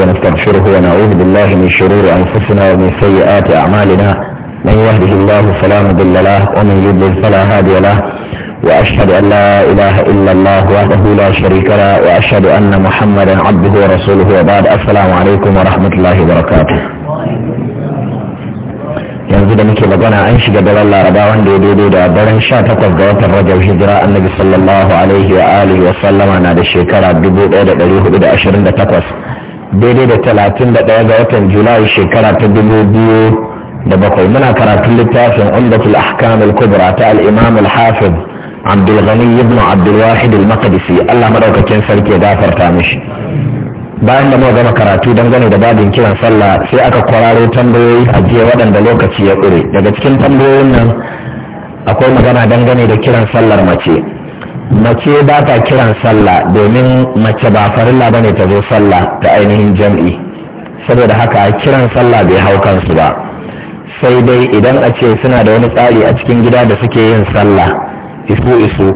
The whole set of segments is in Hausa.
ونستغفره ونعوذ بالله من شرور أنفسنا ومن سيئات أعمالنا من يهده الله فلا مضل له ومن يضلل فلا هادي له وأشهد أن لا إله إلا الله وحده لا شريك له وأشهد أن محمدا عبده ورسوله وبعد السلام عليكم ورحمة الله وبركاته yanzu da muke magana an shiga daren laraba wanda ya daidai da daren sha takwas ga watan rajab hijira annabi sallallahu alaihi wa alihi wa sallama na da shekara dubu ɗaya da ɗari hudu da ashirin da takwas daidai da talatin da ɗaya ga watan julai shekara ta dubu biyu da bakwai muna karatun littafin umdatul ahkam al-kubra ta al-imam al-hafiz abdul ghani ibn abdul wahid al-maqdisi Allah madaukakin sarki ya gafarta mishi bayan da muka gama karatu dangane da babin kiran sallah sai aka kwararo tambayoyi a jiya waɗanda lokaci ya ƙure daga cikin tambayoyin nan akwai magana dangane da kiran sallar mace mace ba ta kiran sallah domin mace ba farilla bane ta zo sallah ta ainihin jam'i saboda haka kiran sallah bai hau kansu ba sai dai idan a ce suna da wani tsari a cikin gida da suke yin sallah isu isu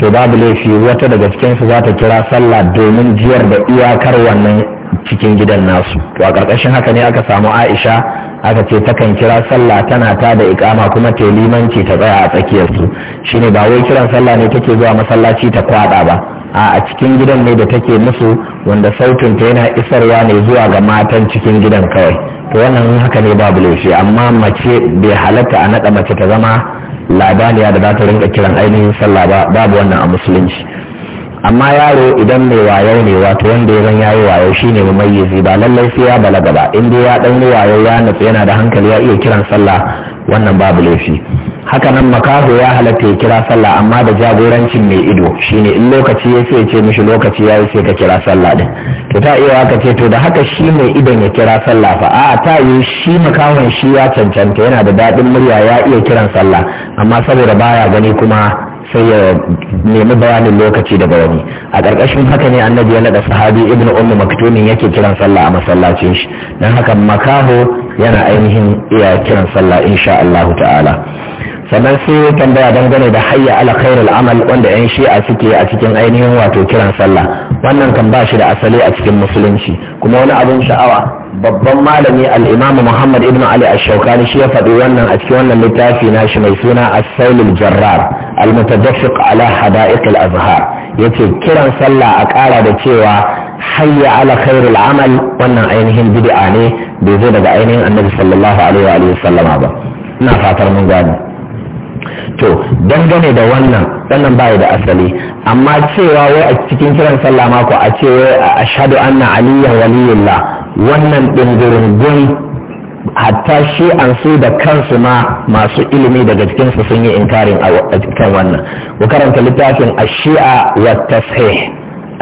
to babu laifi wata daga cikinsu za ta kira sallah domin jiyar da iyakar wannan cikin gidan nasu to a ƙarƙashin haka ne aka samu aisha aka ce takan kira sallah tana ta da ikama kuma ta limanci ta tsaya a tsakiyar su shine ba wai kiran sallah ne take zuwa masallaci ta kwada ba a cikin gidan ne da take musu wanda sautin ta yana isarwa ne zuwa ga matan cikin gidan kawai to wannan haka ne babu laifi amma mace bai halatta a naɗa mace ta zama labaniya da za ta rinka kiran ainihin sallah ba babu wannan a musulunci amma yaro idan mai wayo ne wato wanda ya zan yayi wayo shine mumayyizi ba lallai sai ya balaga ba in dai ya dan yi wayo ya nutsu yana da hankali ya iya kiran sallah wannan babu laifi haka nan makaho ya halatta ya kira sallah amma da jagorancin mai ido shine in lokaci ya sai ce mishi lokaci ya sai ka kira sallah din to ta iya haka ce to da haka shi mai idon ya kira sallah fa a'a ta yi shi makahon shi ya cancanta yana da daɗin murya ya iya kiran sallah amma saboda baya gani kuma sai ya nemi bayanin lokaci da wani a ƙarƙashin haka ne annabi ya naɗa sahabi ibnu ummu maktumin yake kiran sallah a masallacin shi dan haka makaho yana ainihin iya kiran sallah insha Allah ta'ala sannan sai ya tambaya dangane da hayya ala khairul amal wanda yan shi'a suke a cikin ainihin wato kiran sallah wannan kan ba shi da asali a cikin musulunci kuma wani abin sha'awa babban malami al-imamu muhammad ibn ali ash-shawkani shi ya faɗi wannan a cikin wannan littafi na shi mai suna as-sailul jarrar al-mutadaffiq ala hada'iq al-azhar yace kiran sallah a ƙara da cewa hayya ala khairul amal wannan ainihin bid'a ne bai zo daga ainihin annabi sallallahu alaihi wa sallama ba ina fatar mun gane to dangane da wannan wannan baya da asali amma cewa wai a cikin kiran sallah mako a ce wai ashhadu anna aliyyan waliyullah wannan din gurgun hatta shi an su da kansu ma masu ilimi daga su sun yi inkarin a kan wannan ku karanta littafin ashi'a wa tashih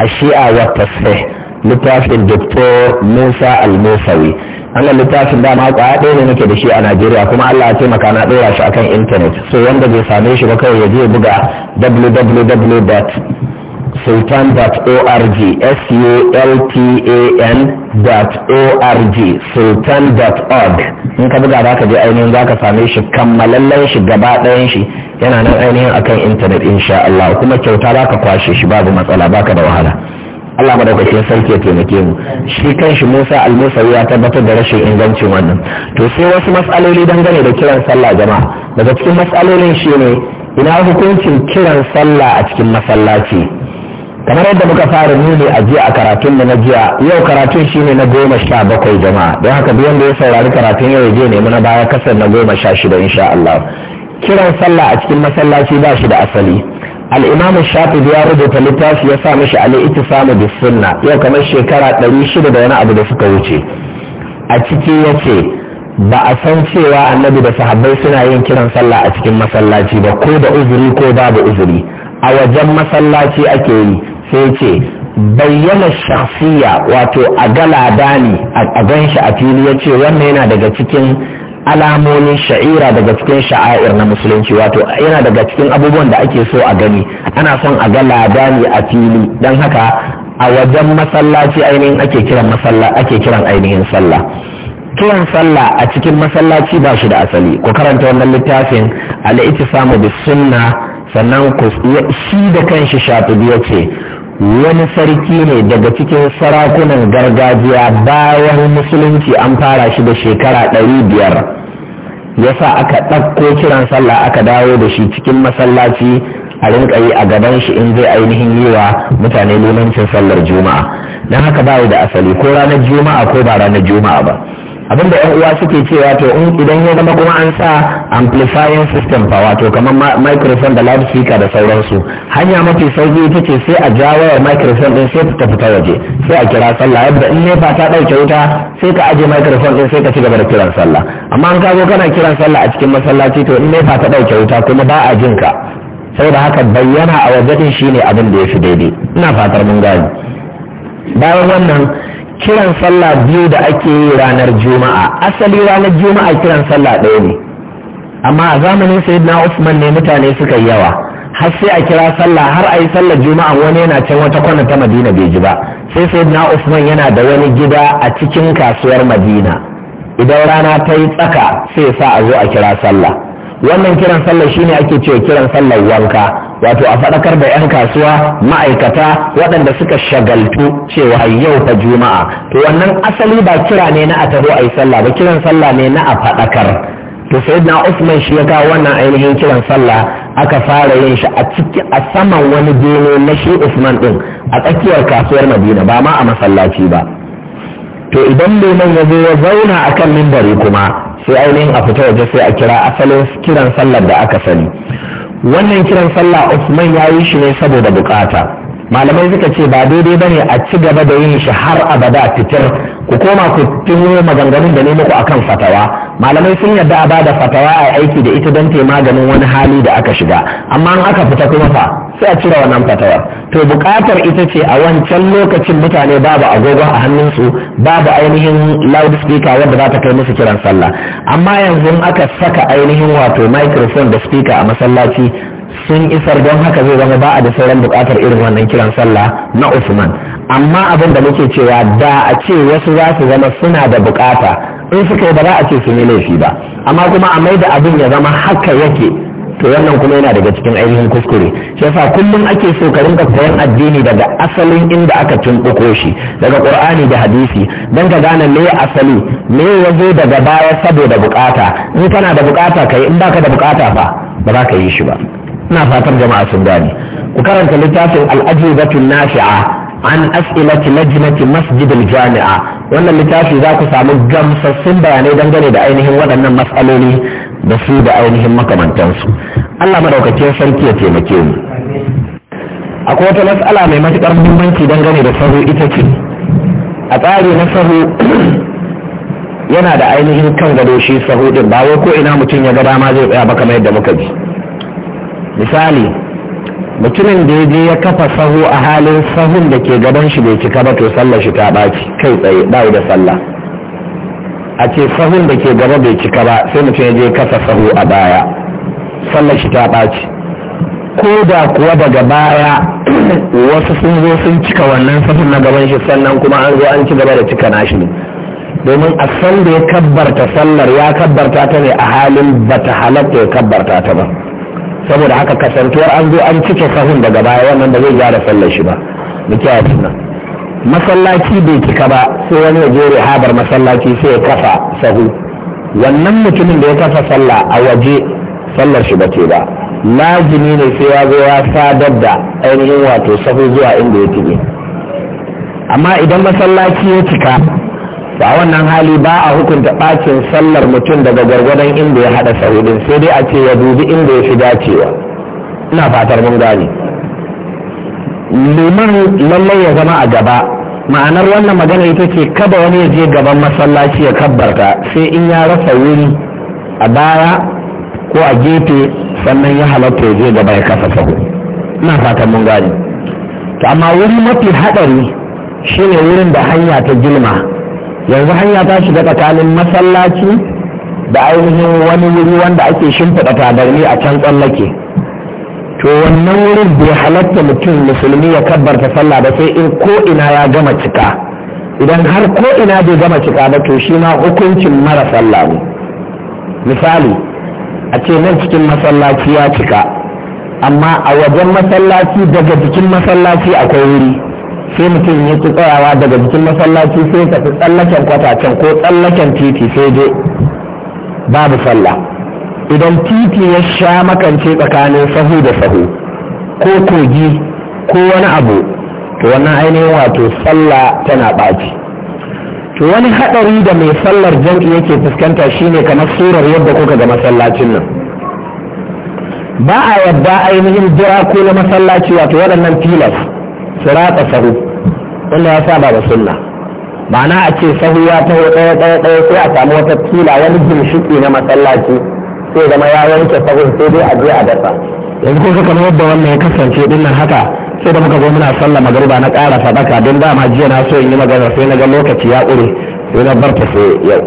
ashi'a wa tashih littafin doktor musa al-musawi wannan littafin dama kwaya ɗaya ne nake da shi a najeriya kuma allah ya taimaka na ɗora shi akan intanet so wanda bai same shi ba kawai ya je buga www.sultan.org s u l t a org sultan.org in ka buga zaka je ainihin zaka same shi kammalallen shi gaba ɗayan shi yana nan ainihin akan intanet insha allah kuma kyauta zaka kwashe shi babu matsala baka da wahala Allah madaukakin sarki ya taimake mu shi kanshi Musa al-Musawi ya tabbatar da rashin ingancin wannan to sai wasu matsaloli dangane da kiran sallah jama'a daga cikin matsalolin shine ina hukuncin kiran sallah a cikin masallaci kamar yadda muka fara nuni a jiya a karatun na jiya yau karatun shine na goma sha bakwai jama'a don haka duk wanda ya saurari karatun yau je nemi na baya kasar na goma sha shida insha Allah kiran sallah a cikin masallaci ba shi da asali al'imamu shafi ya rubuta littafi ya sa mashi ita samu da sunna yau kamar shekara ɗari shida da wani abu da suka wuce a ciki ya ce ba a san cewa annabi da sahabbai suna yin kiran sallah a cikin masallaci ba ko da uzuri ko babu uzuri a wajen masallaci ake yi sai ce bayyana shafiya wato a galada ne a ganshi a fili ya ce wannan yana daga cikin alamomin sha'ira daga cikin sha'air na musulunci wato yana daga cikin abubuwan da ake so a gani ana son a ga ladani a fili don haka a wajen masallaci ainihin ake kiran masalla ake kiran ainihin sallah kiran sallah a cikin masallaci ba shi da asali ku karanta wannan littafin al-ittisamu bis sunna sannan ku shi da kanshi shatibi ce. wani sarki ne daga cikin sarakunan gargajiya bayan musulunci an fara shi da shekara ɗari biyar ya sa aka ɗakko kiran sallah aka dawo da shi cikin masallaci a rinka yi a gaban shi in zai ainihin yi wa mutane lunancin sallar juma'a don haka bayi da asali ko ranar juma'a ko ba ranar juma'a ba abinda yan uwa suke cewa to in idan ya zama kuma an sa amplifying system fa wato kamar microphone da loudspeaker da sauransu hanya mafi sauki ita ce sai a ja wayar microphone din sai ta fita waje sai a kira sallah yadda in nefa ta dauke wuta sai ka aje microphone din sai ka ci gaba da kiran sallah amma an kago kana kiran sallah a cikin masallaci to in nefa ta dauke wuta kuma ba a jin ka saboda haka bayyana a wajen shine abin da ya fi daidai ina fatar mun gani bayan wannan kiran sallah biyu da ake yi ranar juma'a asali ranar juma'a kiran sallah ɗaya ne amma a zamanin sayyidina usman ne mutane suka yi yawa har sai a kira sallah har a yi sallah juma'a wani yana can wata kwana ta madina bai ji ba sai sayyidina usman yana da wani gida a cikin kasuwar madina idan rana ta yi tsaka sai sa a zo a kira sallah wannan kiran sallah shine ake cewa kiran sallah wanka wato a faɗakar da 'yan kasuwa ma'aikata waɗanda suka shagaltu cewa yau ta juma'a to wannan asali ba kira ne na a taho a yi sallah ba kiran sallah ne na a faɗakar to sai na usman shi ya kawo wannan ainihin kiran sallah aka fara yin shi a ciki a saman wani bene na shi usman ɗin a tsakiyar kasuwar madina ba ma a masallaci ba to idan liman ya zo ya zauna a kan mimbari kuma sai ainihin a fita waje sai a kira asalin kiran sallar da aka sani wannan kiran sallah Usman ya yi shi ne saboda bukata malamai suka ce ba daidai bane a ci gaba da yin shi har abada fitir ku koma ku tuno maganganun da ne muku akan fatawa malamai sun yarda a bada fatawa a aiki da ita don maganin wani hali da aka shiga amma in aka fita kuma fa sai a cire wannan fatawar to bukatar ita ce a wancan lokacin mutane babu agogo a hannunsu babu ainihin loudspeaker wanda za ta kai musu kiran sallah amma yanzu aka saka ainihin wato microphone da speaker a masallaci sun isar don haka zai zama ba a da sauran bukatar irin wannan kiran sallah na Usman amma abin da muke cewa da a ce wasu za su zama suna da bukata in suka yi ba za a ce su ne laifi ba amma kuma a mai da abin ya zama haka yake to wannan kuma yana daga cikin ainihin kuskure shi yasa kullum ake so ka rinka koyan addini daga asalin inda aka tumbuko shi daga qur'ani da hadisi dan ka gane me asali me yazo daga baya saboda bukata in kana da bukata kai in baka da bukata ba ba za ka yi shi ba ina fatar jama'a sun gane ku karanta littafin al'ajibatu nafi'a an as'ilati lajnati masjid al-jami'a wannan littafi za ku samu gamsassun bayanai dangane da ainihin waɗannan matsaloli da su da ainihin makamantansu Allah madaukakin sarki ya taimake mu akwai wata matsala mai matuƙar muhimmanci dangane da sahu ita ce a tsari na sahu yana da ainihin kan gado shi sahu din ba wai ko ina mutum ya ga dama zai tsaya ba kamar yadda muka ji misali mutumin da ya je ya kafa sahu a halin sahun da ke gaban shi bai cika ba to sallar shi ta baci kai tsaye ba da sallah a ce sahun da ke gaba bai cika ba sai mutum ya je kafa sahu a baya sallar shi ta baci ko da kuwa daga baya wasu sun zo sun cika wannan sahun na gaban shi sannan kuma an zo an ci gaba da cika nashi ne domin a san da ya kabbarta sallar ya kabbarta ta ne a halin bata halatta ya kabbarta ta ba saboda haka kasantuwar an zo an cike sahun daga baya wannan ba zai gyara sallar shi ba mu kiyaye tunan masallaci bai cika ba sai wani ya je habar masallaci sai ya kafa sahu wannan mutumin da ya kafa sallah a waje sallar shi ba ce ba lazimi ne sai ya zo ya sadar da ainihin wato sahu zuwa inda ya tike amma idan masallaci ya cika ba wannan hali ba a hukunta bacin sallar mutum daga gwargwadon inda ya hada sahudin sai dai a ce ya dubi inda ya fi dacewa ina fatar mun gane liman lallai ya zama a gaba ma'anar wannan magana ita ce kada wani ya je gaban masallaci ya kabbarta sai in ya rasa wuri a baya ko a gefe sannan ya halatta ya je gaba ya kasa sahu ina fatan mun gane to amma wuri mafi haɗari shine wurin da hanya ta gilma yanzu hanya ta shiga tsakanin masallaci da ainihin wani wuri wanda ake shimfiɗa tabarni a can tsallake to wannan wurin bai halatta mutum musulmi ya kabbarta sallah ba sai in ko ina ya gama cika idan har ko ina bai gama cika ba to shi ma hukuncin mara sallah ne misali a ce nan cikin masallaci ya cika amma a wajen masallaci daga jikin masallaci akwai wuri sai mutum ya ci tsayawa daga jikin masallaci sai tafi tsallaken kwatacen ko tsallaken titi sai je babu sallah idan titi ya sha makance tsakanin sahu da sahu ko kogi ko wani abu to wannan ainihin wato sallah tana ɓaci to wani haɗari da mai sallar jam'i yake fuskanta shine kamar surar yadda kuka ga masallacin nan ba a yadda ainihin jira ko na masallaci wato waɗannan tilas su ratsa sahu wanda ya saba da sunna ma'ana a ce sahu ya taho ɗaya ɗaya ɗaya sai a samu wata tila wani ginshiƙi na masallaci sai zama ya wanke sahu sai dai a je a dasa yanzu suka kamar yadda wannan ya kasance dinnan haka sai da muka zo muna sallah magariba na ƙara sadaka don dama jiya na so in yi magana sai na ga lokaci ya ƙure sai na bar ta sai yau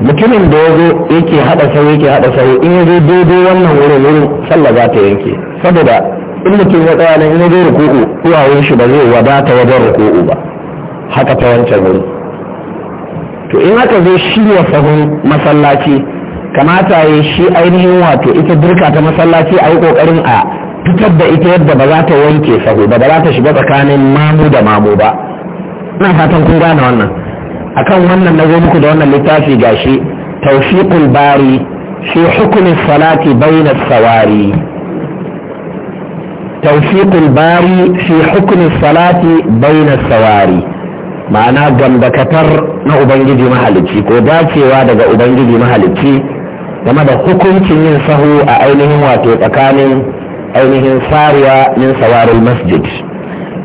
mutumin da ya zo yake haɗa sahu yake haɗa sahu in ya zo daidai wannan wurin wurin sallah za ta yanke saboda in mutum ya tsaya nan in zai ruku'u duwawun shi ba zai wadata wajen ruku'u ba haka ta wancan wuri to in haka zai shirya sahun masallaci kamata ya shi ainihin wato ita dirka ta masallaci a yi kokarin a fitar da ita yadda ba za ta wanke sahu ba za ta shiga tsakanin mamu da mamu ba ina fatan kun gane wannan akan wannan na zo muku da wannan littafi gashi tawfiqul bari fi hukmi salati bayna sawari tawfiqul bari fi hukmi salati baina sawari ma'ana gambakatar na ubangiji mahalicci ko dacewa daga ubangiji mahalicci game da hukuncin yin sahu a ainihin wato tsakanin ainihin sariya min sawaril masjid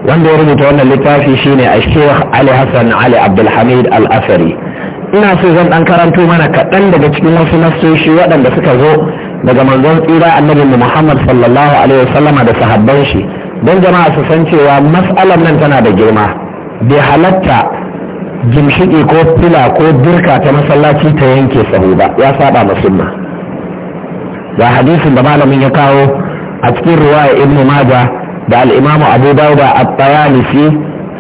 wanda ya rubuta wannan littafi shine a sheikh ali hassan ali abdulhamid al-asari ina so zan ɗan karanto mana kaɗan daga cikin wasu nasoshi waɗanda suka zo daga manzon tsira annabin muhammad sallallahu alaihi wasallama da sahabban shi don jama'a su san cewa matsalar nan tana da girma bai halatta jimshiki ko fila ko birka ta masallaci ta yanke sahu ba ya saba musulma ga hadisin da malamin ya kawo a cikin ruwaya ibnu maja da al'imamu abu dauda at-tayalisi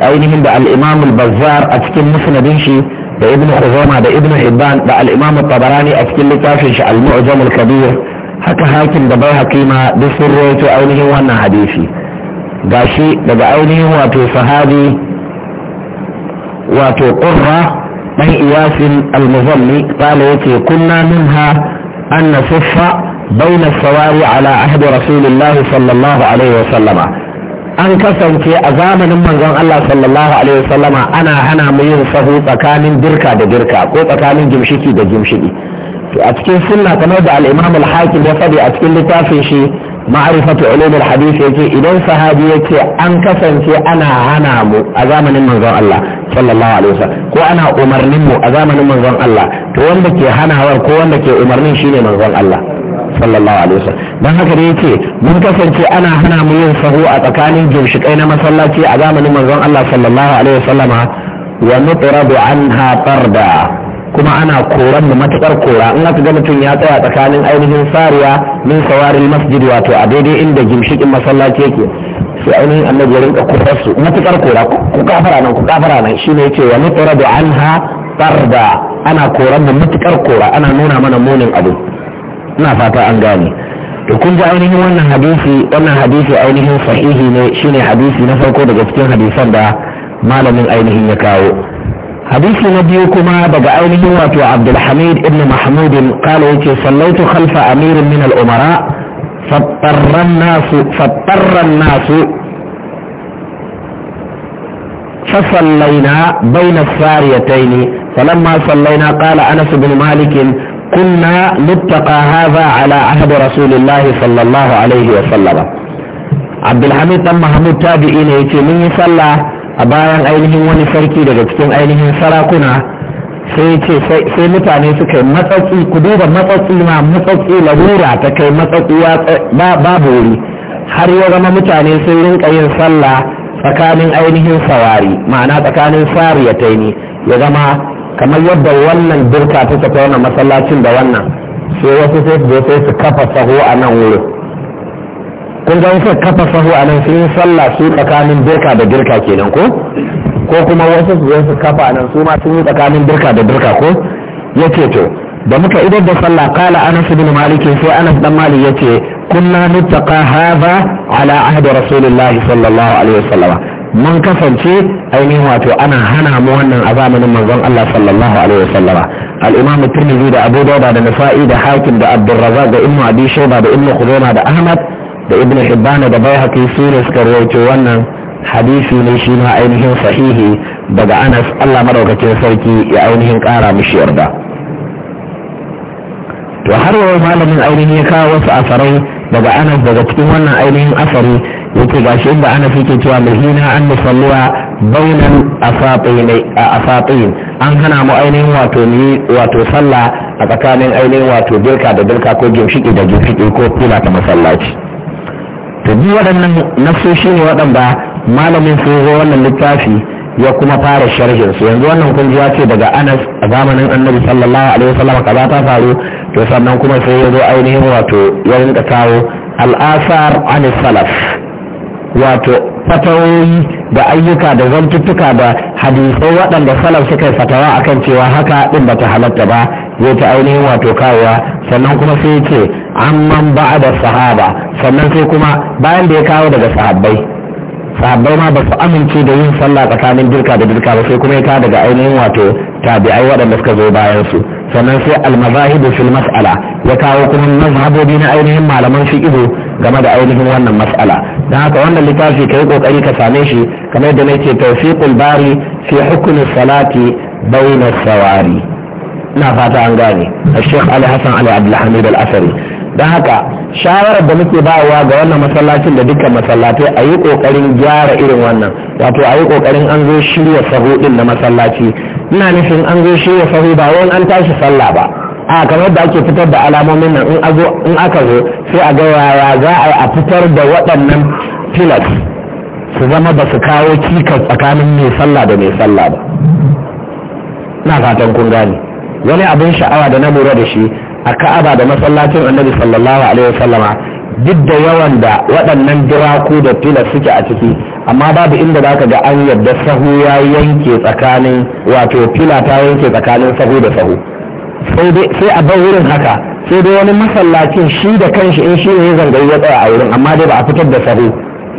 ainihin da al'imamu al-bazzar a cikin musnadin shi ده ابن حزومة ده ابن حبان ده الامام الطبراني افكل لكافش المعجم الكبير حكا هاكم ده بيها قيمة ده سريت اونه وانا حديثي ده شيء ده اونه واتو صحابي واتو قرة من اياس المظلي قال يكي كنا منها ان صف بين الصواري على عهد رسول الله صلى الله عليه وسلم an kasance a zamanin manzon Allah sallallahu alaihi wasallama ana hana mu yin sahu tsakanin dirka da dirka ko tsakanin gimshiki da gimshiki to a cikin sunna kamar da al-Imam al-Hakim ya faɗi a cikin littafin shi ma'rifatu ulum al-hadith yake idan sahabi yake an kasance ana hana mu a zamanin manzon Allah sallallahu alaihi wasallam ko ana umarnin mu a zamanin manzon Allah to wanda ke hanawar ko wanda ke umarnin shine manzon Allah sallallahu alaihi wasallam dan haka dai yace mun kasance ana hana mu yin sahu a tsakanin ginshikai na masallaci a zamanin manzon Allah sallallahu alaihi wasallam wa nutrabu anha tarda kuma ana koran mu matakar kora in aka ga mutum ya tsaya tsakanin ainihin sariya min sawaril masjid wato a daidai inda gimshikin masallaci yake sai ainihin annabi ya rinka kufar su matakar kora ku kafara nan ku kafara nan shine yace wa an anha tarda ana koran mu matakar kora ana nuna mana munin abu na fata an gane to kun ji ainihin wannan hadisi wannan hadisi ainihin sahihi ne shine hadisi na farko daga cikin hadisan da malamin ainihin ya kawo hadisi na biyu kuma daga ainihin wato abdulhamid ibn mahmudin kala yake sallaitu khalfa amirin min al'umara fattarran nasu fattarran nasu فصلينا بين الساريتين فلما صلينا قال أنس بن مالك Kunna نتقى هذا ala عهد رسول الله صلى الله عليه وسلم عبد الحميد بن محمود تابعي ne yace mun yi sallah a bayan ainihin wani sarki daga cikin ainihin sarakuna sai yace sai mutane suka matsatsi ku duba matsatsi ma matsatsi lahura ta kai matsatsi ya babu wuri har ya zama mutane sun rinka yin sallah tsakanin ainihin sawari ma'ana tsakanin sariya ta ya zama kamar yadda wannan birka ta ta wannan masallacin da wannan sai wasu sai su sai su kafa saho a nan wurin kun ga wasu kafa saho a nan sun yi sallah su tsakanin birka da birka kenan ko ko kuma wasu su su kafa a nan su ma sun yi tsakanin birka da birka ko yake to da muka idar da sallah kala anas bin malik sai anas dan malik yace kunna nuttaqa hadha ala ahdi rasulillahi sallallahu alaihi wasallam mun kasance ainihin wato ana hana mu wannan a zamanin manzon Allah sallallahu alaihi wasallama al-Imam Tirmidhi da Abu Dawud da Nasa'i da Hakim da abdulrazak da Ibn Abi Shayba da Ibn Khuzaimah da Ahmad da Ibn Hibban da Baihaqi su suka rawaito wannan hadisi ne shi ma ainihin sahihi daga Anas Allah madaukakin sarki ya ainihin kara mishi yarda to har wa malamin ainihin ya kawo wasu asarai daga Anas daga cikin wannan ainihin asari yake gashi inda ana ke cewa mahina an musalluwa bainan asatin an hana mu ainihin wato ni wato sallah a tsakanin ainihin wato birka da birka ko gimshiki da gimshiki ko kula ta masallaci to bi waɗannan shi ne waɗanda malamin sun zo wannan littafi ya kuma fara sharhin su yanzu wannan kungiya ce daga anas a zamanin annabi sallallahu alaihi wasallam kaza ta faru to sannan kuma sai ya zo ainihin wato ya rinka kawo al'asar anis salaf wato fatawoyi da ayyuka da zantuttuka da hadisai waɗanda salaf suka fatawa akan cewa haka ɗin ba ta halatta ba zai ta ainihin wato kawowa sannan kuma sai ya ce amman ba'a da sahaba sannan sai kuma bayan da ya kawo daga sahabbai sahabbai ma ba su amince da yin sallah tsakanin dirka da dirka ba sai kuma ya kawo daga ainihin wato tabi'ai waɗanda suka zo bayan su sannan sai almazahibu fil mas'ala ya kawo kuma mazhabobi na ainihin malaman ido. game da ainihin wannan mas'ala don haka wannan littafi ka yi kokari ka same shi kamar da nake tawfiqul bari fi hukmi salati bayna sawari ina fata an gane Sheikh Ali Hassan Ali Abdulhamid Al-Asari don haka shawarar da muke bawa ga wannan masallacin da dukkan masallatai a yi kokarin gyara irin wannan wato a yi kokarin an zo shirya sahu din na masallaci ina nufin an zo shirya sahu ba wani an tashi sallah ba a kamar da ake fitar da alamomin nan in aka zo sai a ga yaya za a fitar da waɗannan filas su zama ba su kawo cikas tsakanin mai sallah da mai sallah ba na fatan kun ne wani abin sha'awa da na lura da shi a ka'aba da masallacin annabi sallallahu alaihi wasallama duk da yawan da waɗannan diraku da filas suke a ciki amma babu inda za ka ga an yadda sahu ya yanke tsakanin wato fila yanke tsakanin sahu da sahu sai a bar wurin haka sai dai wani masallacin shi da kanshi in shi ne ya zangayi ya tsaya a wurin amma dai ba a fitar da sabo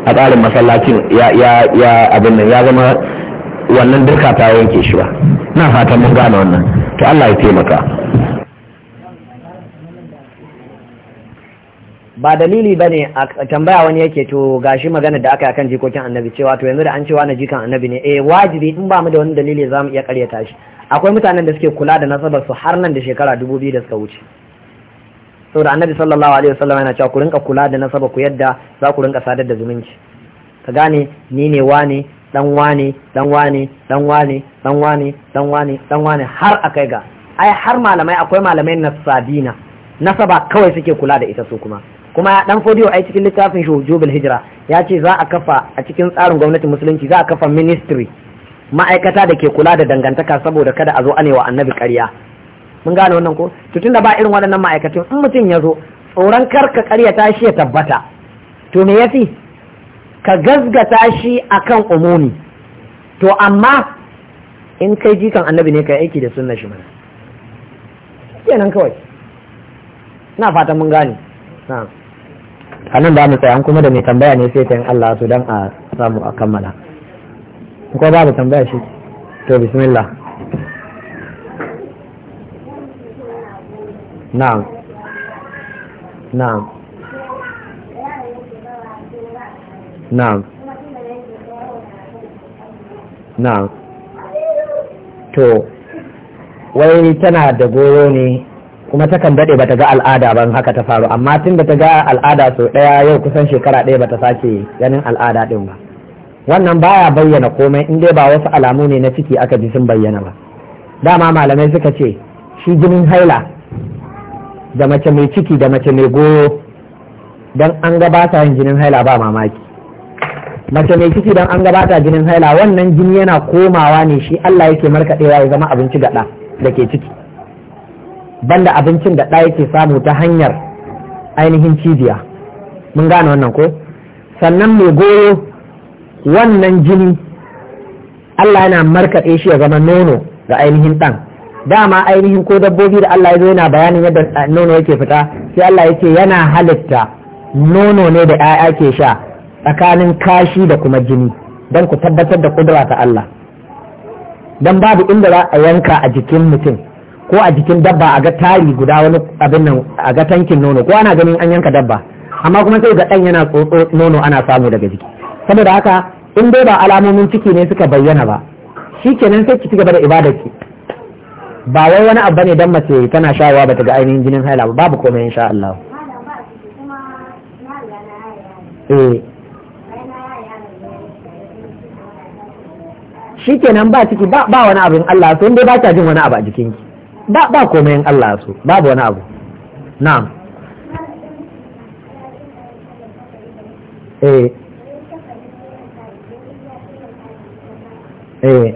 a tsarin masallacin ya ya ya abin nan ya zama wannan duka ta yanke shi ba na fatan mun gane wannan to Allah ya taimaka ba dalili ba ne a tambaya wani yake to gashi magana da aka yi kan jikokin annabi cewa to yanzu da an cewa na jikan annabi ne eh wajibi in ba mu da wani dalili za mu iya karyata shi akwai mutanen da suke kula da nasabar su har nan da shekara dubu biyu da suka wuce saboda annabi sallallahu alaihi wasallam yana cewa ku rinka kula da nasabar ku yadda za ku rinka sadar da zumunci ka gane ni ne wane dan wane dan wane dan wane dan wane dan wane dan wane har akai ga ai har malamai akwai malamai na nasabina nasaba kawai suke kula da ita su kuma kuma dan fodiyo ai cikin littafin shujubul hijra ya ce za a kafa a cikin tsarin gwamnatin musulunci za a kafa ministry ma'aikata da ke kula da dangantaka saboda kada a zo anewa annabi ƙarya mun gane wannan ko to tunda ba irin waɗannan ma'aikatan in mutum ya zo tsoron kar ka ta shi ya tabbata to me yafi ka gazgata shi akan umumi to amma in kai jikan annabi ne kai aiki da sunna shi mana kenan kawai na fatan mun gane a nan da mu tsaya kuma da mai tambaya ne sai ta yin Allah su dan a samu a kammala ko babu tambaya shi to bismillah na'am na'am na'am na'am to wai tana da goro ne kuma takan daɗe bata ga al'ada ban haka ta faru amma tun da ta ga al'ada so ɗaya yau kusan shekara ɗaya bata sake ganin al'ada ɗin ba wannan baya bayyana komai in dai ba wasu alamu ne na ciki aka ji sun bayyana ba dama malamai suka ce shi jinin haila da mace mai ciki da mace mai goyo don an gabata yin jinin haila ba mamaki mace mai ciki don an gabata jinin haila wannan jini yana komawa ne shi Allah yake markaɗewa ya zama abinci ga ɗa da ke ciki banda abincin da ɗa yake samu ta hanyar ainihin cibiya mun gane wannan ko sannan mai goyo wannan jini Allah yana markaɗe shi ya zama nono ga ainihin ɗan dama ainihin ko dabbobi da Allah ya zo yana bayanin yadda nono yake fita sai Allah ya ce yana halitta nono ne da 'ya'ya ke sha tsakanin kashi da kuma jini don ku tabbatar da kudura ta Allah don babu inda za a yanka a jikin mutum ko a jikin dabba a ga tari guda wani abin nan a ga tankin nono ko ana ganin an yanka dabba amma kuma sai ga ɗan yana tsotso nono ana samu daga jiki saboda haka in dai ba alamomin ciki ne suka bayyana ba shi kenan sai ki ci gaba da ibadarki ba wai wani abu ne dan mace tana shawa bata ga ainihin jinin haila ba babu komai insha Allah eh shi kenan ba ciki ba wani abu in Allah so in dai ba ta jin wani abu a jikinki ba ba komai in Allah so babu wani abu na'am eh eh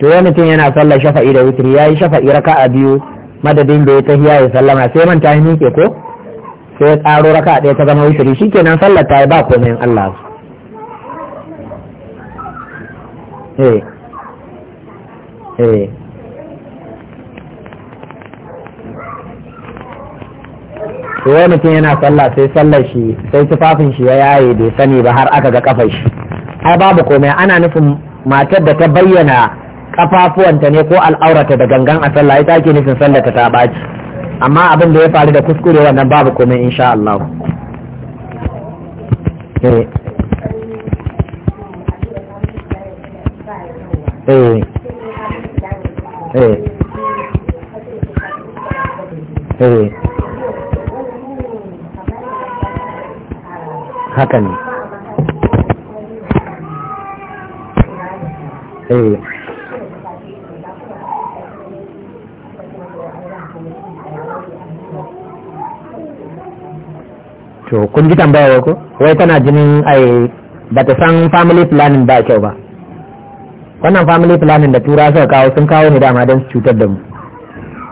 to wani mutum yana sallar shafa'i da witri ya yi shafa'i a biyu madadin da ya ta tahiya ya sallama sai man ta ke ko sai ya tsaro raka a ɗaya ta zama witri nan sallar ta yi ba komai in Allah eh eh to wani mutum yana sallah sai sallar shi sai tufafin shi ya yaye bai sani ba har aka ga kafar shi ai babu komai ana nufin matar da ta bayyana kafafuwanta ne ko al'aurata da gangan a sallah ita ake nufin sallar ta ta baci amma abin da ya faru da kuskure wannan babu komai insha Allah eh eh eh, eh. haka ne eh. to kun ji tambayar ko wai tana jinin ai ba ta san family planning ba kyau ba wannan family planning da tura suka kawo sun kawo ni dama don su cutar da mu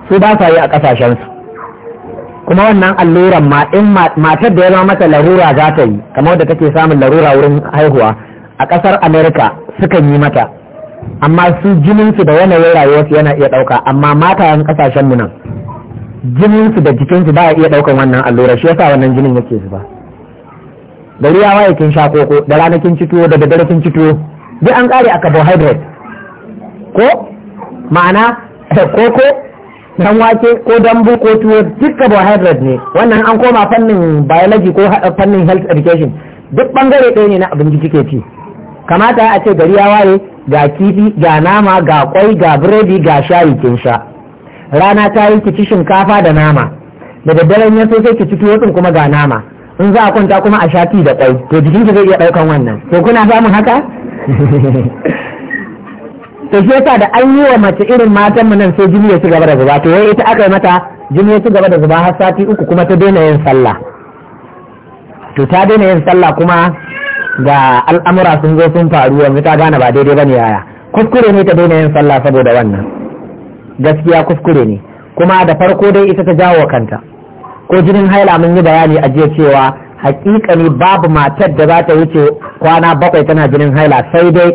su ba sa yi a kasashensu kuma wannan alluran ma in matar da ya zama mata larura za ta yi kamar da take samun larura wurin haihuwa a kasar amerika sukan yi mata amma su jininsu da yanayin rayuwarsu yana iya ɗauka amma mata yan ƙasashen mu nan jininsu da jikinsu ba iya ɗaukan wannan allura shi yasa wannan jinin yake zuba gari ya waye kin sha koko da ranakin cituwo da daddare kin cituwo duk an ƙare a carbohydrate ko ma'ana koko dan wake ko dambu ko tuwo duk carbohydrate ne wannan an koma fannin biology ko fannin health education duk bangare ɗaya ne na abinci kike ci kamata a ce gari ya waye ga kifi ga nama ga kwai ga biredi ga shayi kin sha rana ta yi kici shinkafa da nama da daddaren ne so sai kici tuwo din kuma ga nama in za a kwanta kuma a sha ti da kwai to jikin ki zai iya ɗaukan wannan to kuna samun haka to shi yasa da an yi wa mace irin matan mu nan sai jini ya ci gaba da zuba to wai ita aka yi mata jini ya ci gaba da zuba har sati uku kuma ta daina yin sallah to ta daina yin sallah kuma ga al'amura sun zo sun faru yanzu ta gane ba daidai bane yaya kuskure ne ta daina yin sallah saboda wannan gaskiya kuskure ne kuma da farko dai ita ta jawo kanta ko jinin haila mun yi bayani a jiya cewa hakika ne babu matar da za ta wuce kwana bakwai tana jinin haila sai dai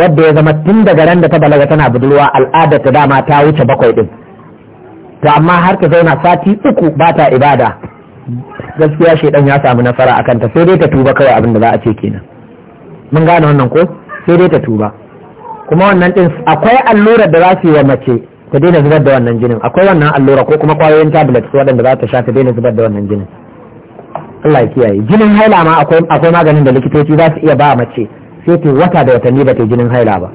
wadda ya zama tun daga ran da ta balaga tana budurwa al'ada ta dama ta wuce bakwai din to amma har ta zauna sati uku ba ta ibada gaskiya shaidan ya samu nasara akan ta sai dai ta tuba kawai abin da za a ce kenan mun gane wannan ko sai dai ta tuba kuma wannan din akwai allurar da za su yi wa mace ta daina zubar da wannan jinin akwai wannan allura ko kuma kwayoyin tablet waɗanda za ta sha ta daina zubar da wannan jinin Allah ya kiyaye jinin haila ma akwai maganin da likitoci za su iya ba mace sai ta wata da watanni ba ta jinin haila ba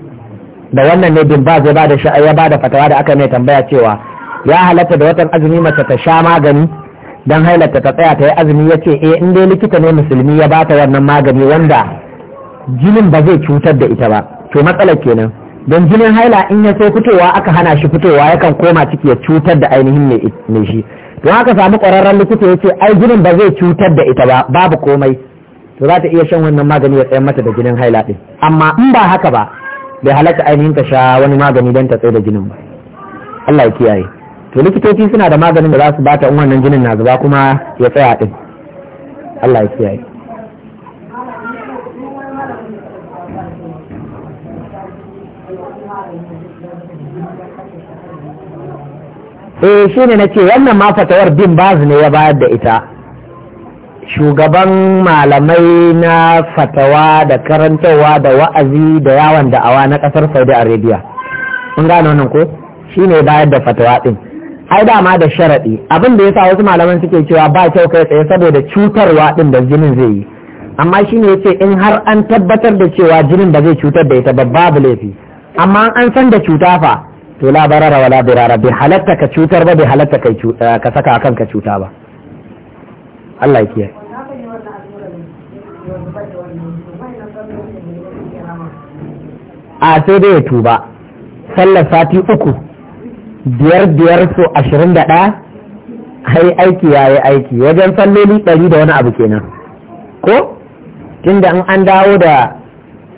da wannan ne bin ba zai ba da ya ba da fatawa da aka mai tambaya cewa ya halatta da watan azumi mace ta sha magani don hailata ta tsaya ta yi azumi ya ce eh in dai likita ne musulmi ya ba ta wannan magani wanda jinin ba zai cutar da ita ba to matsalar kenan don jinin haila in ya sai fitowa aka hana shi fitowa yakan koma ciki ya cutar da ainihin mai shi to haka samu ƙwararren likita ya ce ai jinin ba zai cutar da ita ba babu komai to za ta iya shan wannan magani ya tsayar mata da jinin haila ɗin. amma in ba haka ba bai halatta ainihin ta sha wani magani don ta tsaye da jinin ba Allah ya kiyaye to likitoci suna da maganin da za su bata in wannan jinin na zuba kuma ya tsaya ɗin. Allah ya kiyaye eh na ce wannan ma fatawar bin bazu ne ya bayar da ita shugaban malamai na fatawa da karantarwa da wa'azi da yawon da'awa na kasar saudi arabia mun gano nan ko ne bayar da fatawa din ai dama da sharaɗi abin da sa wasu malaman suke cewa ba kyau kai tsaye saboda cutarwa din da jinin zai yi amma shi ne ce in har an tabbatar da cewa jinin ba zai cutar da ita ba babu laifi amma an san da cuta fa to labarara wala birara bai halatta ka cutar ba bai halatta ka saka kanka cuta ba Allah ya kiyaye a sai dai ya tuba sallar sati uku biyar biyar so ashirin da ɗaya hai aiki ya yi aiki wajen salloli ɗari da wani abu kenan ko tunda in an dawo da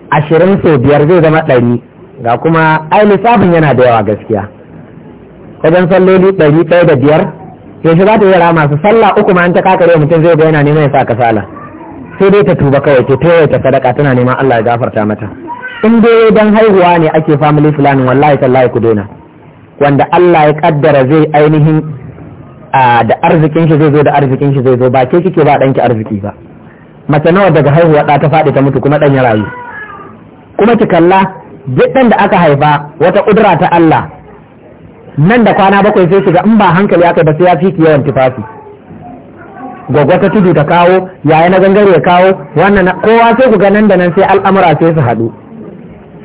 ashirin so biyar zai zama ɗari ga kuma ai lissafin yana da yawa gaskiya wajen salloli ɗari ɗaya da biyar yaushe za ta yi masu masu? sallah uku ma an ta kakare mutum zai ga yana neman ya sa kasala sai dai ta tuba kawai ta toye ta sadaka tana neman Allah ya gafarta mata in dai dan haihuwa ne ake family planning wallahi tallahi ku daina wanda Allah ya kaddara zai ainihin da arzikin shi zai zo da arzikin shi zai zo ba ke kike ba danki arziki ba mace nawa daga haihuwa da ta faɗi ta mutu kuma dan ya rayu kuma ki kalla duk da aka haifa wata kudura ta Allah nan da kwana bakwai sai shiga in ba hankali aka ba sai ya fi yawan tufafi gwagwa ta tudu ta kawo yaya na gangare ya kawo wannan kowa sai ku ga nan da nan sai al'amura sai su haɗu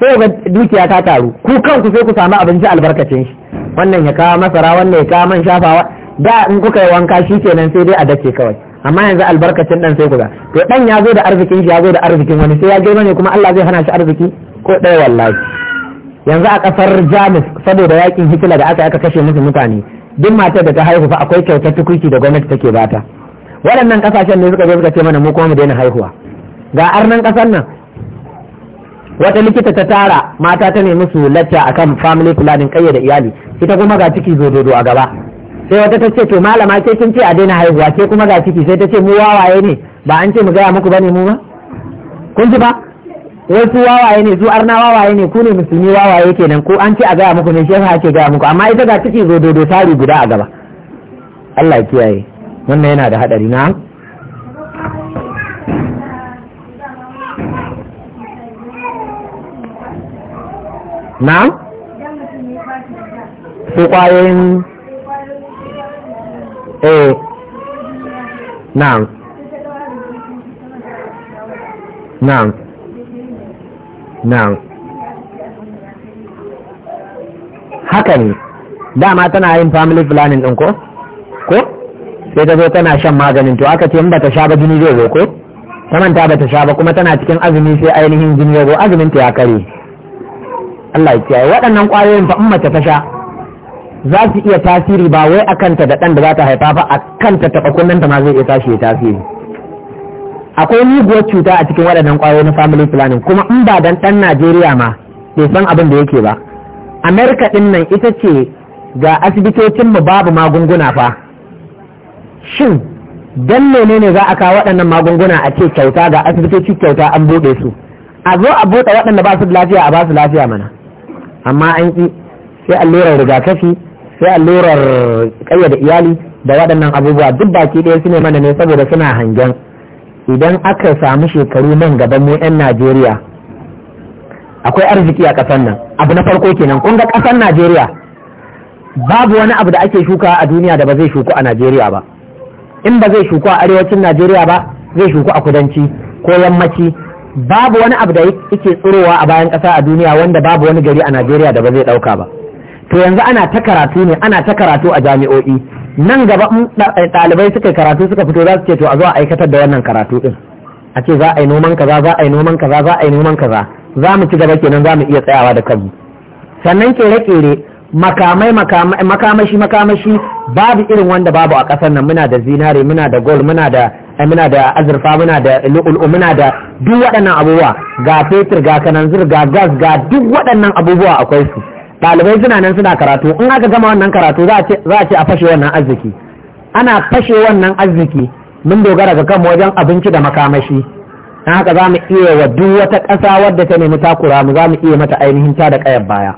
sai ga dukiya ta taru ku kanku sai ku samu abinci albarkacin shi wannan ya kawo masara wannan ya kawo man shafawa da in kuka yi wanka shi kenan sai dai a dace kawai amma yanzu albarkacin dan sai kuga to dan ya zo da arzikin shi ya zo da arzikin wani sai ya girma ne kuma Allah zai hana shi arziki ko ɗaya wallahi yanzu a kasar jamus saboda yakin hitler da aka aka kashe musu mutane duk matar da ta haihu fa akwai kyautar tukuki da gwamnati take bata waɗannan kasashen ne suka je suka ce mana mu kuma mu daina haihuwa ga arnan kasar nan wata likita ta tara mata ta nemi su lacca akan family planning da iyali ita kuma ga ciki dodo a gaba sai wata ta ce to malama ke kin ce a daina haihuwa ke kuma ga ciki sai ta ce mu wawaye ne ba an ce mu gaya muku bane mu ba kun ji ba su wawaye ne su arna wawaye ne ku ne musulmi wawaye kenan ko an ce a gaya muku ne shi yasa ake gaya muku amma ita ga ciki zo dodo tari guda a gaba Allah ya kiyaye wannan yana da hadari na na su kwayoyin eh na na haka ne dama tana yin family planning ɗin ko ko sai ta zo tana shan maganin to aka ce in bata sha ba jini zai zo ko ta manta bata sha ba kuma tana cikin azumi sai ainihin jini ya zo azumin ta ya kare Allah ya kiyaye waɗannan ƙwayoyin fa in mace ta sha za su iya tasiri ba wai a kanta da ɗan da za ta haifa ba a kanta taɓa ta ma zai iya tashi ya tasiri akwai muguwar cuta a cikin waɗannan ƙwayoyin na family planning kuma in ba dan ɗan najeriya ma bai san abin da yake ba amerika ɗin nan ita ce ga mu babu magunguna fa shin dan menene za a kawo waɗannan magunguna a ce kyauta ga asibitoci kyauta an buɗe su a zo a buɗe waɗanda ba su da lafiya a ba su lafiya mana amma an ƙi sai allurar rigakafi sai allurar ƙayyade iyali da waɗannan abubuwa duk baki ɗaya su ne mana ne saboda suna hangen idan aka samu shekaru nan gaban mu 'yan najeriya akwai arziki a ƙasar nan abu na farko kenan kun ga ƙasar najeriya babu wani abu da ake shuka a duniya da ba zai shuku a najeriya ba in ba zai shuku a arewacin najeriya ba zai shuku a kudanci ko yammaci babu wani abu da yake tsirowa a bayan ƙasa a duniya wanda babu wani gari a najeriya da ba zai ɗauka ba to yanzu ana ta karatu ne ana ta karatu a jami'o'i nan gaba eh, ɗalibai suka karatu suka fito za su ce to a zo a aikatar da wannan karatu ɗin. a ce za a yi noman kaza za a yi noman kaza za a yi noman kaza za mu ci gaba kenan za mu iya tsayawa da kanmu sannan kere-kere makamai makamashi makamashi babu irin wanda babu a ƙasar nan muna da zinare muna da gold muna da eh, muna da azurfa muna da lu'ulu muna da duk waɗannan abubuwa ga fetur ga kananzir ga gas ga duk waɗannan abubuwa akwai su ɗalibai suna nan suna karatu in aka gama wannan karatu za a ce a fashe wannan arziki ana fashe wannan arziki mun dogara ga kanmu wajen abinci da makamashi na haka za mu iya wa duk wata ƙasa wadda ta nemi takura mu za mu iya mata ainihin ta da ƙayar baya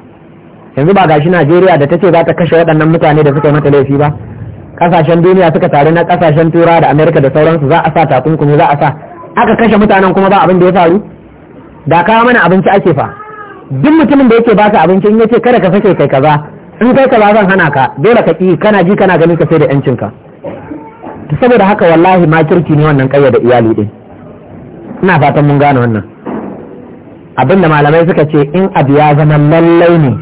yanzu ba gashi najeriya da ta ce za ta kashe waɗannan mutane da suka yi mata laifi ba ƙasashen duniya suka taru na ƙasashen turawa da amerika da sauransu za a sa takunkumi za a sa aka kashe mutanen kuma ba abin da ya faru da kawo mana abinci ake fa duk mutumin da yake baka abinci in yace kada ka sake kai kaza in kai kaza zan hana ka dole ka ki kana ji kana ganin ka sai da yancin ka to saboda haka wallahi ma kirki ne wannan da iyali din ina fatan mun gane wannan abinda malamai suka ce in abu ya zama lallai ne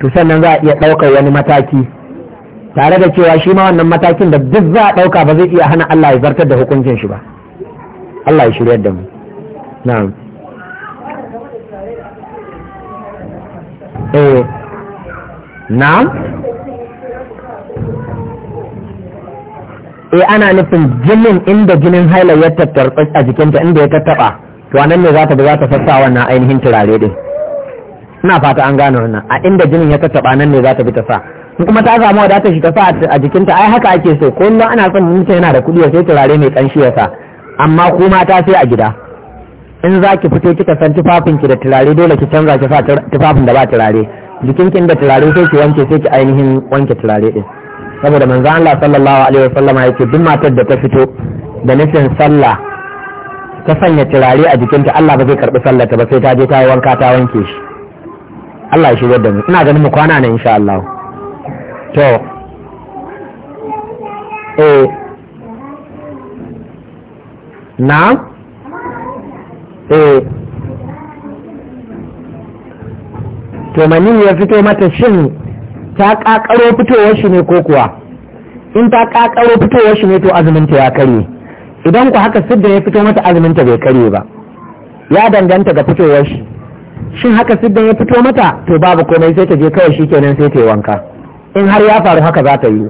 to sannan za a iya ɗaukar wani mataki tare da cewa shi ma wannan matakin da duk za a ɗauka ba zai iya hana Allah ya zartar da hukuncin shi ba Allah ya shiryar da mu na'am eh na'am eh ana nufin jinin inda jinin haila ya tattara a jikinta inda ya tattaɓa to anan ne za ta za ta fassa wannan ainihin turare din ina fata an gano wannan a inda jinin ya tattaɓa nan ne za ta bi ta sa in kuma ta samu ta shi ta sa a jikinta ai haka ake so kullum ana son mutum yana da kuɗi ya sai turare mai kanshi ya sa amma kuma ta sai a gida in za ki fito kika san tufafinki da turare dole ki canza ki sa tufafin da ba turare jikinkin da turare sai ki wanke sai ki ainihin wanke turare din saboda manzo Allah sallallahu alaihi wasallama yake duk matar da ta fito da nufin sallah ta sanya turare a jikinta Allah ba zai karbi ta ba sai ta je ta yi wanka ta wanke shi Allah ya shigar da mu ina ganin mu kwana nan insha Allah to eh na Eh. to manin ya fito mata shin ta kakaro fitowar shi ne ko kuwa in ta kakaro fitowar shi ne to azuminta ya karye idan ku haka sidda ya fito mata azuminta bai karye ba ya danganta ga fitowar shi shin haka sidda ya fito mata to babu komai sai ta je kawai shi kenan sai ta yi wanka in har ya faru haka za ta yi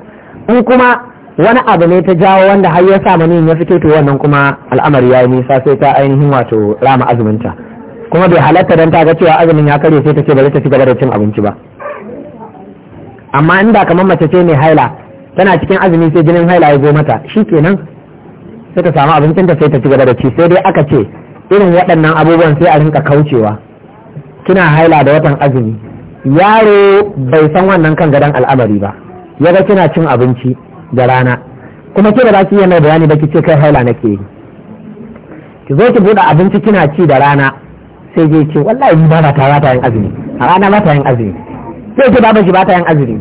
in kuma wani abu ne ta jawo wanda har ya sa mani ya fito to wannan kuma al'amari ya yi nisa sai ta ainihin wato rama azuminta kuma bai halatta don ta ga cewa azumin ya karye sai ta ce ba zai ta ci gaba da cin abinci ba amma in da kamar mace ce mai haila tana cikin azumi sai jinin haila ya zo mata shi kenan sai ta samu abincinta ta sai ta ci gaba da ci sai dai aka ce irin waɗannan abubuwan sai a rinka kaucewa kina haila da watan azumi yaro bai san wannan kan gadon al'amari ba ya ga kina cin abinci da rana kuma ke ba za ki yi mai bayani ba ki ce kai haila nake yi ki zo ki buɗe abinci kina ci da rana sai je ce wallahi ni ba ta ta yin azumi a rana ba ta yin azumi sai ce baban shi ba ta yin azumi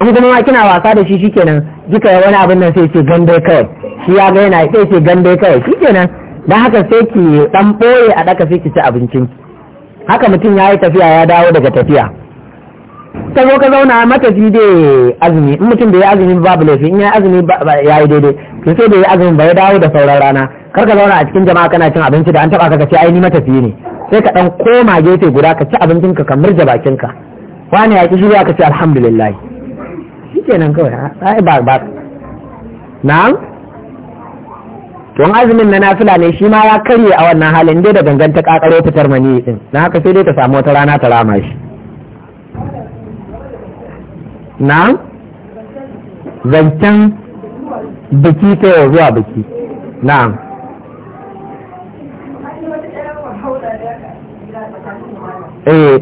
in kuma ma kina wasa da shi shikenan duka wani abin nan sai ce gande kai shi ya ga yana sai ce gande kai shikenan dan haka sai ki dan boye a daka sai ki ci abincin haka mutum ya yi tafiya ya dawo daga tafiya ta zo ka zauna matafi de azumi in mutum bai yi azumi babu laifi in ya azumi ya yi daidai to sai bai yi azumi ba ya dawo da sauran rana kar ka zauna a cikin jama'a kana cin abinci da an taba ka ka ce ai ni matafi ne sai ka dan koma gefe guda ka ci abincin ka kamar da bakin ka wani ya ki shirya ka ce alhamdulillah shikenan kawai ai ba ba na'am don azumin na nafila ne shi ma ya karye a wannan halin dai da ganganta kakaro fitar mani din na haka sai dai ta samu wata rana ta rama shi na zancen biki ta yau zuwa biki na eh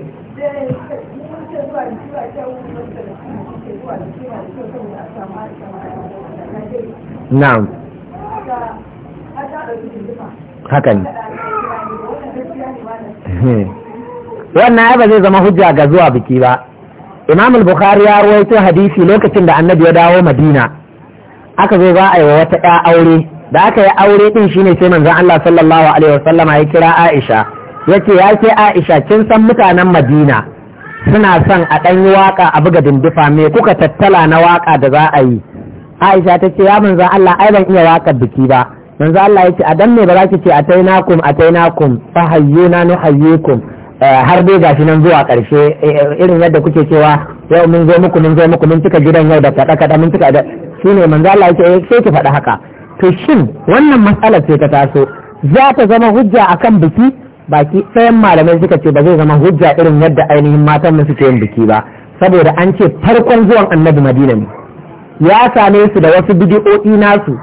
na'am hakan eh. wannan ya ba zai zama hujja ga zuwa biki ba imam al-bukhari ya rawaito hadisi lokacin da annabi ya dawo madina aka zo za a yi wa wata ɗa aure da aka yi aure din shine sai manzon Allah sallallahu alaihi wasallama ya kira Aisha yace ya ce Aisha kin san mutanen Madina suna son a ɗan waka a buga dindifa me kuka tattala na waka da za a yi Aisha ta ce ya manzon Allah ai ban iya wakar biki ba manzon Allah yace a dan me ba za ki ce atainakum atainakum fa hayyuna nuhayyukum Eh, har dai gashi nan zuwa karshe eh, eh, irin yadda kuke cewa yau mun zo muku mun zo muku mun cika gidan yau da kada kada mun cika da shine manzo Allah yake sai ki fada haka to shin wannan matsalar ce ta taso za ta zama hujja akan biki baki sayan malamai suka ce ba zai zama hujja irin yadda ainihin matan mu suke yin biki ba saboda an ce farkon zuwan annabi madina ne ya same su da wasu bidi'o'i nasu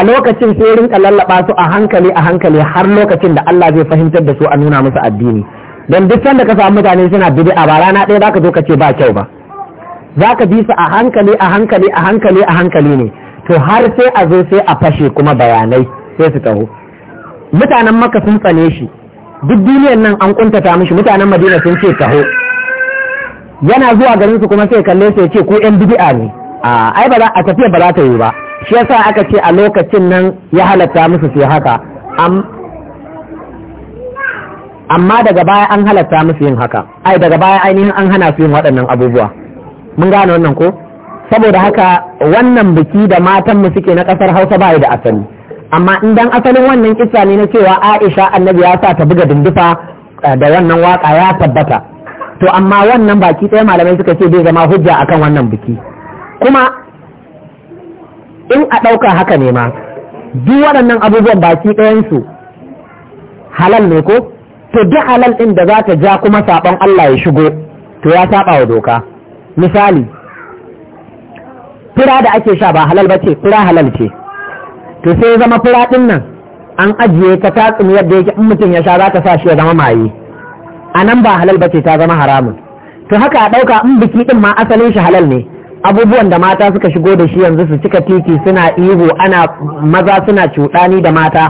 a lokacin sai rinka lallaba su a hankali a hankali har lokacin da Allah zai fahimtar da su a nuna musu addini don duk sanda ka samu mutane suna bid'a ba rana ɗaya zaka zo ka ce ba kyau ba zaka bi su a hankali a hankali a hankali a hankali ne to har sai a zo sai a fashe kuma bayanai sai su taho mutanen maka sun tsane shi duk duniyar nan an kuntata mishi mutanen madina sun ce taho yana zuwa garin su kuma sai kalle sai ce ko yan bid'a ne a ai ba za a tafiya ba za ta yi ba shi yasa aka ce a lokacin nan ya halatta musu sai haka amma daga baya an halatta musu yin haka ai daga baya ainihin an hana su yin waɗannan abubuwa mun gane wannan ko saboda haka wannan biki da matan mu suke na ƙasar Hausa ba da asali amma idan asalin wannan kissa ne na cewa Aisha Annabi ya sa ta buga dindufa eh, da wannan waka ya tabbata to amma wannan baki ɗaya malamai suka ce bai zama hujja akan wannan biki kuma in a ɗauka haka ne ma duk waɗannan abubuwan baki ɗayansu halal ne ko to duk alal ɗin da za ta ja kuma saɓon Allah ya shigo to ya saɓa wa doka misali fura da ake sha ba halal ba ce fura halal ce to sai zama fura ɗin nan an ajiye ka ta tsumi yadda yake in mutum ya sha za ta sa shi ya zama maye a nan ba halal ba ce ta zama haramun to haka a ɗauka in biki ɗin ma asalin shi halal ne abubuwan da mata suka shigo da shi yanzu su cika titi suna ihu ana maza suna cuɗani da mata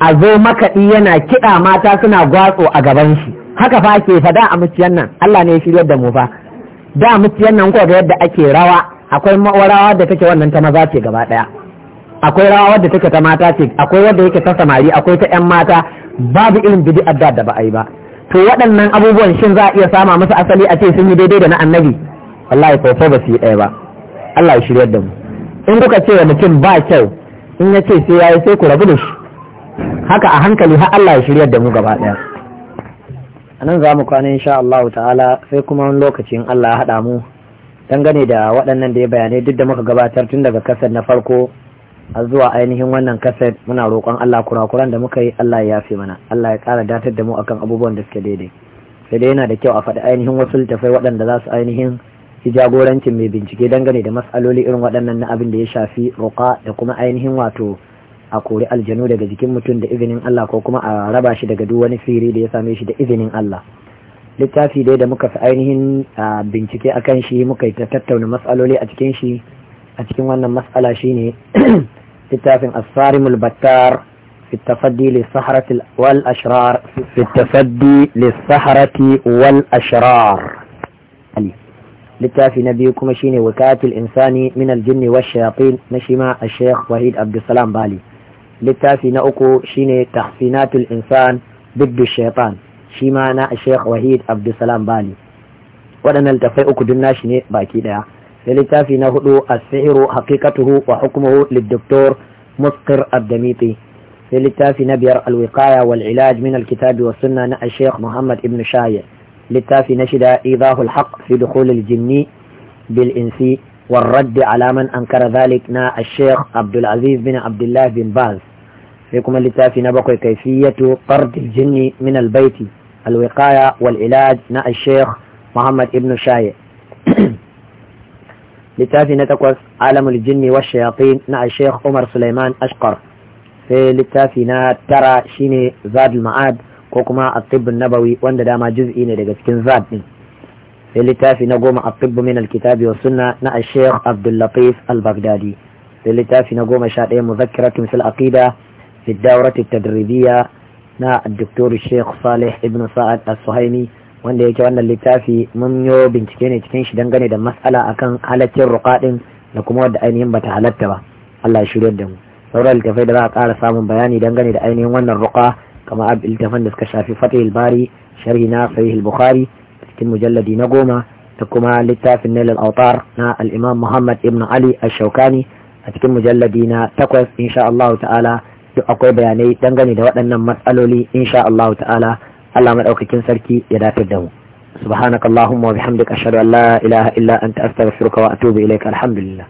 a zo makaɗi yana kiɗa mata suna gwatso a gaban shi haka fa ke fa da a muciyan nan Allah ne ya shiryar da mu fa da muciyan nan ko ga yadda ake rawa akwai rawa da take wannan ta maza ce gaba daya akwai rawa wadda take ta mata ce akwai wadda yake ta samari akwai ta 'yan mata babu irin bid'ar da ba ai yi ba to waɗannan abubuwan shin za a iya sama musu asali a ce sun yi daidai da na annabi wallahi kawai ba su yi ɗaya ba Allah ya shiryar da mu in kuka ce wa mutum ba kyau in ya ce sai yayi sai ku rabu da shi haka a hankali har Allah ya shiryar da mu gaba daya a nan za mu kwana insha Allah ta'ala sai kuma wani lokacin Allah ya haɗa mu dangane da waɗannan da ya bayanai duk da muka gabatar tun daga kasar na farko a zuwa ainihin wannan kasar muna roƙon Allah kurakuran da muka yi Allah ya yafe mana Allah ya ƙara datar da mu akan abubuwan da suke daidai sai dai yana da kyau a faɗi ainihin wasu littafai waɗanda za su ainihin yi jagorancin mai bincike dangane da matsaloli irin waɗannan na abin da ya shafi roƙa da kuma ainihin wato a kori aljanu daga jikin mutum da izinin Allah ko kuma a raba shi daga duk wani siri da ya same shi da izinin Allah littafi dai da muka fi ainihin bincike a kan shi muka tattauna matsaloli a cikin shi a cikin wannan matsala shine littafin asarimul battar في التفدي للسحرة والأشرار في التفدي للسحرة والأشرار insani نبيكم شيني وكاة الإنسان من الجن والشياطين نشما الشيخ وحيد عبد السلام bali. littafi na شيني shine الإنسان ضد الشيطان شيما انا الشيخ وحيد عبد السلام بالي ودنا التفاي اوكو دنا شي ني باكي دايا للتافي نا هدو حقيقته وحكمه للدكتور مسقر الدميطي للتافي نبير الوقاية والعلاج من الكتاب والسنة نا الشيخ محمد ابن شاي للتافي نشد ايضاه الحق في دخول الجني بالانسي والرد على من أنكر ذلك نا الشيخ عبد العزيز بن عبد الله بن باز فيكم اللتافي نبقى كيفية طرد الجن من البيت الوقاية والعلاج نا الشيخ محمد ابن شايع لتافي نتقص عالم الجن والشياطين نا الشيخ عمر سليمان أشقر في لتافي نا ترى شيني زاد المعاد ko kuma a tsibbin nabawi wanda dama juz'i ne daga cikin zaɓi sai littafi na goma a tibbu min alkitabi wa sunna na ashek abdullatif al-baghdadi sai littafi na goma sha ɗaya muzakkira timsal aqida fi dawrat tadribiyya na doktor sheikh salih ibn sa'ad as-suhaimi wanda yake wannan littafi mun yo bincike ne cikin shi dangane da mas'ala akan halaccin ruqadin da kuma wadda ainihin bata halatta ba Allah ya shirya da mu sauran littafai da za a ƙara samun bayani dangane da ainihin wannan ruqa kama littafan da suka shafi fatihul bari sharhi na sahihul bukhari cikin mujalladi na goma da kuma littafin nailal autar na alimam muhammad ibn ali al-shaukani a cikin mujalladi na takwas insha Allah ta'ala duk akwai bayanai dangane da waɗannan matsaloli insha Allah ta'ala Allah madaukakin sarki ya dafir da mu subhanakallahumma wa bihamdika ashhadu an la ilaha illa anta astaghfiruka wa atubu ilaika alhamdulillah